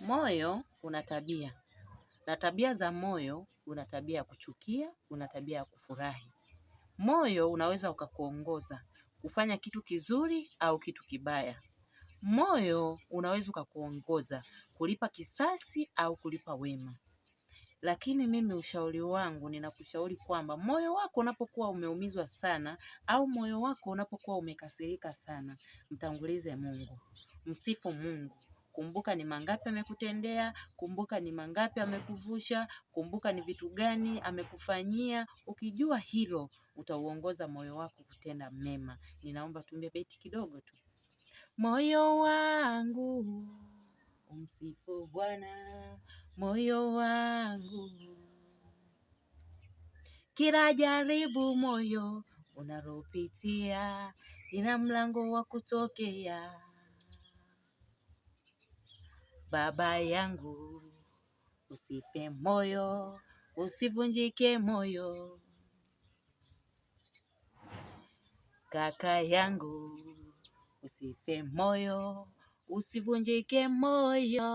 Moyo una tabia na tabia za moyo, una tabia ya kuchukia, una tabia ya kufurahi. Moyo unaweza ukakuongoza kufanya kitu kizuri au kitu kibaya. Moyo unaweza ukakuongoza kulipa kisasi au kulipa wema. Lakini mimi ushauri wangu, ninakushauri kwamba moyo wako unapokuwa umeumizwa sana au moyo wako unapokuwa umekasirika sana, mtangulize Mungu, msifu Mungu kumbuka ni mangapi amekutendea, kumbuka ni mangapi amekuvusha, kumbuka ni vitu gani amekufanyia. Ukijua hilo, utauongoza moyo wako kutenda mema. Ninaomba tuimbe beti kidogo tu. Moyo wangu umsifu Bwana, moyo wangu kila jaribu moyo unalopitia, ina mlango wa kutokea Baba yangu, usife moyo, usivunjike moyo. Kaka yangu, usife moyo, usivunjike moyo.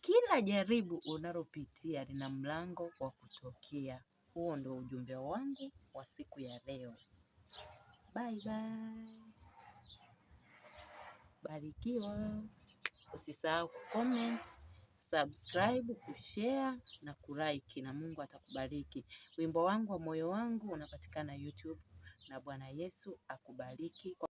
Kila jaribu unalopitia lina mlango wa kutokea. Huo ndio ujumbe wangu wa siku ya leo. Bye bye. Barikiwa. Usisahau kucomment, subscribe, kushare na kulike na Mungu atakubariki. Wimbo wangu wa moyo wangu unapatikana YouTube na Bwana Yesu akubariki.